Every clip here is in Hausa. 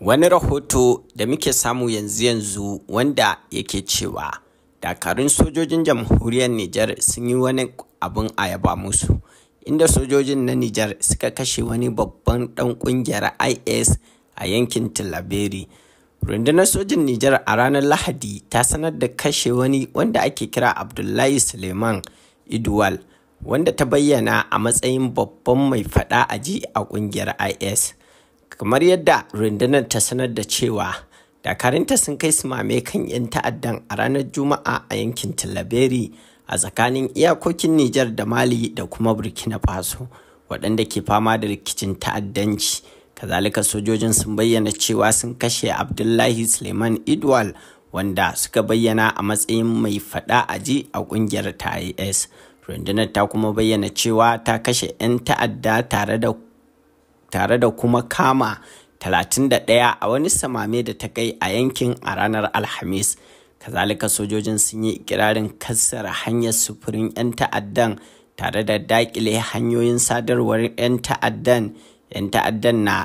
wani rahoto da muke samu yanzu yanzu wanda yake cewa dakarun sojojin jamhuriyar Nijar sun yi wani abin a yaba musu inda sojojin na Nijar suka kashe wani babban ɗan ƙungiyar IS a yankin Tilaberi. Rundunar sojin Nijar a ranar Lahadi ta sanar da kashe wani wanda ake kira Abdullahi Suleiman Idwal wanda ta bayyana a matsayin babban mai faɗa a ji a ƙungiyar IS. kamar yadda rundunar ta sanar da cewa dakarinta sun kai su mame kan 'yan ta'addan a ranar juma'a a yankin tilaberi a tsakanin iyakokin nijar da mali da kuma burkina faso waɗanda ke fama da rikicin ta'addanci kazalika sojojin sun bayyana cewa sun kashe abdullahi suleiman idwal wanda suka bayyana a matsayin mai faɗa aji a ƙungiyar ta rundunar ta kuma bayyana cewa ta kashe 'yan ta'adda tare da tare da kuma kama 31 a wani samame da ta kai a yankin a ranar alhamis kazalika sojojin sun yi ikirarin kassar hanyar sufurin 'yan ta'addan tare da dakile hanyoyin sadarwar 'yan ta'addan ta'addan na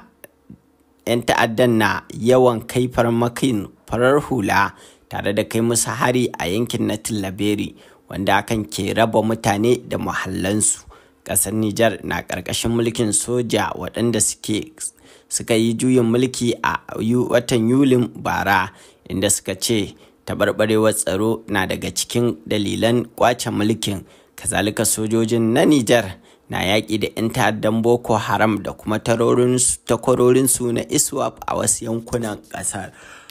'yan ta'addan na yawan kai farmakin farar hula tare da kai musu hari a yankin na tillaberi wanda akan ke raba mutane da muhallansu ƙasar Nijar na ƙarƙashin mulkin soja waɗanda suke suka yi juyin mulki a watan Yulin bara inda suka ce taɓarɓarewar tsaro na daga cikin dalilan ƙwace mulkin kazalika sojojin na Nijar na yaƙi da 'yan ta'addan Boko Haram da kuma takwarorinsu na ISWAP a wasu yankunan ƙasar.